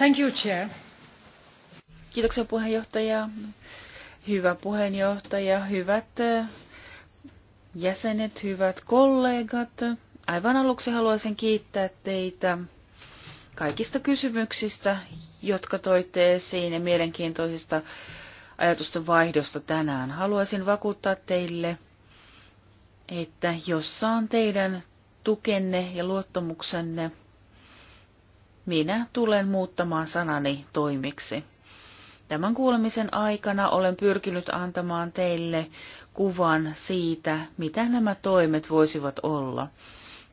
Thank you, Kiitoksia puheenjohtaja. Hyvä puheenjohtaja, hyvät eh, jäsenet, hyvät kollegat. Aivan aluksi haluaisin kiittää teitä kaikista kysymyksistä, jotka toitte esiin ja mielenkiintoisista ajatusten vaihdosta tänään. Haluaisin vakuuttaa teille, että jos saan teidän tukenne ja luottamuksenne – minä tulen muuttamaan sanani toimiksi. Tämän kuulemisen aikana olen pyrkinyt antamaan teille kuvan siitä, mitä nämä toimet voisivat olla.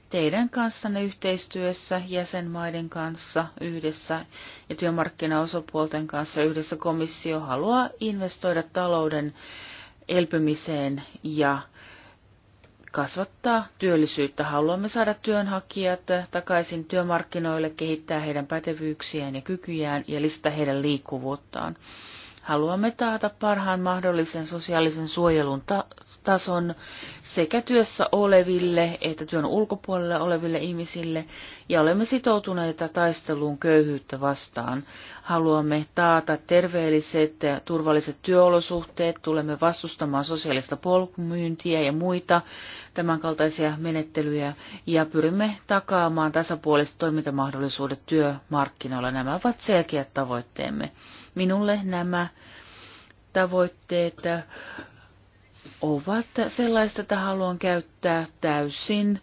Teidän kanssanne yhteistyössä, jäsenmaiden kanssa yhdessä ja työmarkkinaosapuolten kanssa yhdessä komissio haluaa investoida talouden elpymiseen ja kasvattaa työllisyyttä. Haluamme saada työnhakijat takaisin työmarkkinoille, kehittää heidän pätevyyksiään ja kykyjään ja lisätä heidän liikkuvuuttaan. Haluamme taata parhaan mahdollisen sosiaalisen suojelun ta- tason sekä työssä oleville että työn ulkopuolella oleville ihmisille ja olemme sitoutuneita taisteluun köyhyyttä vastaan. Haluamme taata terveelliset ja turvalliset työolosuhteet, tulemme vastustamaan sosiaalista polkumyyntiä ja muita tämänkaltaisia menettelyjä ja pyrimme takaamaan tasapuoliset toimintamahdollisuudet työmarkkinoilla. Nämä ovat selkeät tavoitteemme. Minulle nämä tavoitteet ovat sellaista, että haluan käyttää täysin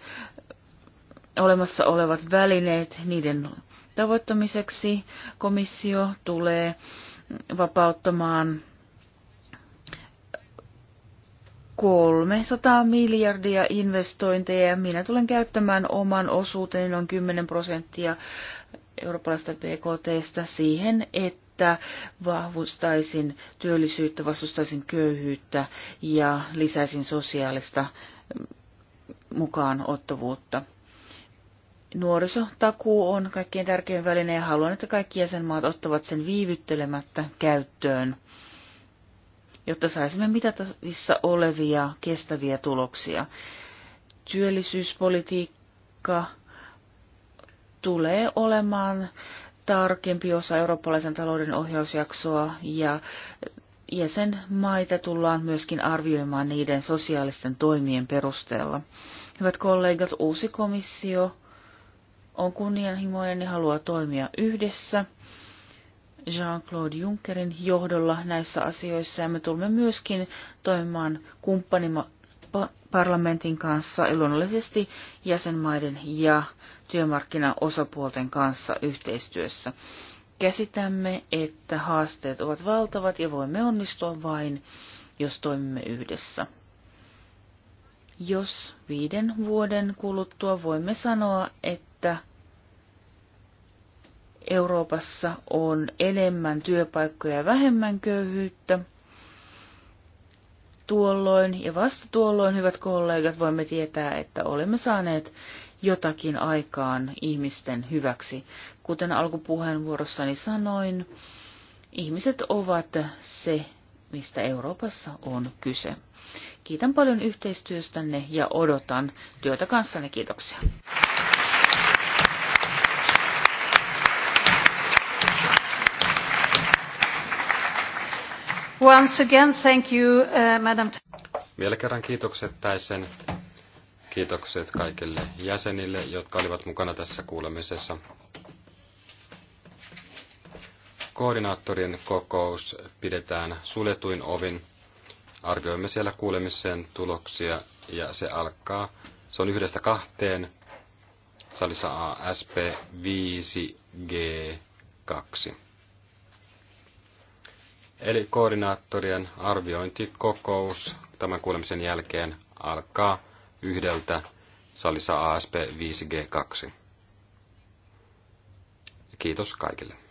olemassa olevat välineet niiden tavoittamiseksi. Komissio tulee vapauttamaan 300 miljardia investointeja minä tulen käyttämään oman osuuteni noin 10 prosenttia eurooppalaista BKTstä siihen, että vahvustaisin työllisyyttä, vastustaisin köyhyyttä ja lisäisin sosiaalista mm, mukaanottavuutta. Nuorisotakuu on kaikkein tärkein väline ja haluan, että kaikki jäsenmaat ottavat sen viivyttelemättä käyttöön, jotta saisimme mitatavissa olevia kestäviä tuloksia. Työllisyyspolitiikka tulee olemaan tarkempi osa eurooppalaisen talouden ohjausjaksoa ja jäsenmaita tullaan myöskin arvioimaan niiden sosiaalisten toimien perusteella. Hyvät kollegat, uusi komissio on kunnianhimoinen ja haluaa toimia yhdessä Jean-Claude Junckerin johdolla näissä asioissa ja me tulemme myöskin toimimaan kumppanimme parlamentin kanssa ja luonnollisesti jäsenmaiden ja työmarkkinaosapuolten kanssa yhteistyössä. Käsitämme, että haasteet ovat valtavat ja voimme onnistua vain, jos toimimme yhdessä. Jos viiden vuoden kuluttua voimme sanoa, että Euroopassa on enemmän työpaikkoja ja vähemmän köyhyyttä, tuolloin ja vasta tuolloin, hyvät kollegat, voimme tietää, että olemme saaneet jotakin aikaan ihmisten hyväksi. Kuten alkupuheenvuorossani sanoin, ihmiset ovat se, mistä Euroopassa on kyse. Kiitän paljon yhteistyöstänne ja odotan työtä kanssanne. Kiitoksia. Once again, thank you, uh, Madam. Vielä kerran kiitokset Täisen. Kiitokset kaikille jäsenille, jotka olivat mukana tässä kuulemisessa. Koordinaattorien kokous pidetään suljetuin ovin. Arvioimme siellä kuulemisen tuloksia ja se alkaa. Se on yhdestä kahteen salissa ASP 5G2. Eli koordinaattorien arviointikokous tämän kuulemisen jälkeen alkaa yhdeltä salissa ASP 5G2. Kiitos kaikille.